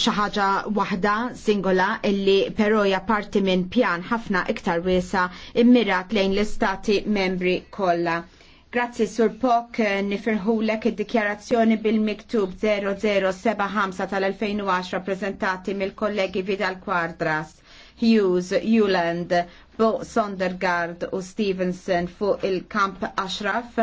xi ħaġa waħda singola illi però hija parti minn pjan ħafna iktar wiesa immirat lejn l-istati membri kollha. Grazzi Sur Pok, nifirħulek id-dikjarazzjoni bil-miktub 0075 tal-2010 prezentati mill-kollegi Vidal Quadras, Hughes, Juland, Bo Sondergaard u Stevenson fuq il-kamp Ashraf.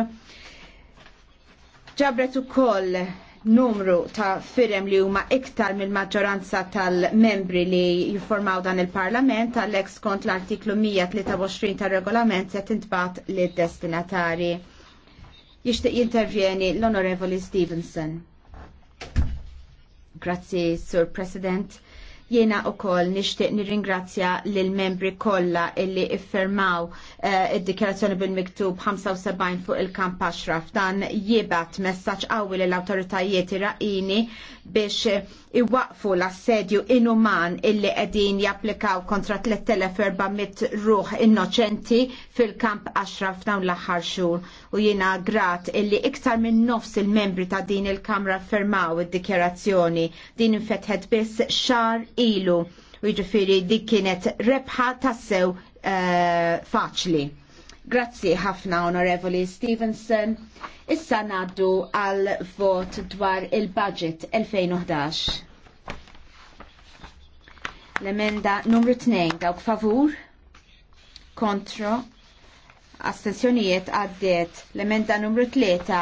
Ġabret ukoll numru ta' firem li huma iktar mill-maġġoranza tal-membri li jiformaw dan il-Parlament għalhekk skont l-artiklu 123 tar-regolament se tintbat lid-destinatari. Jixtieq jintervjeni l-Onorevoli Stevenson. Grazzi, Sur President. Jena u koll nishtiq nirringrazzja l-membri kolla illi iffermaw uh, eh, id-dikjarazzjoni bil-miktub 75 fuq il-kamp Ashraf. Dan jibat messaċ qawwi l-autoritajiet iraqini biex iwaqfu l-assedju inuman illi qegħdin japplikaw kontra 3400 ruħ innoċenti fil-kamp Ashraf dawn l-aħħar xhur. U jiena grat illi iktar minn nofs il-membri ta' din il-Kamra fermaw id-dikjarazzjoni din infetħet biss xar ilu. U jiġifieri dik kienet rebħa tassew uh, faċli. Grazzi ħafna Onorevoli Stevenson. Issa naddu għal vot dwar il-budget 2011. L-emenda numru 2 dawk favur, kontro, astensjonijiet għaddiet. L-emenda numru 3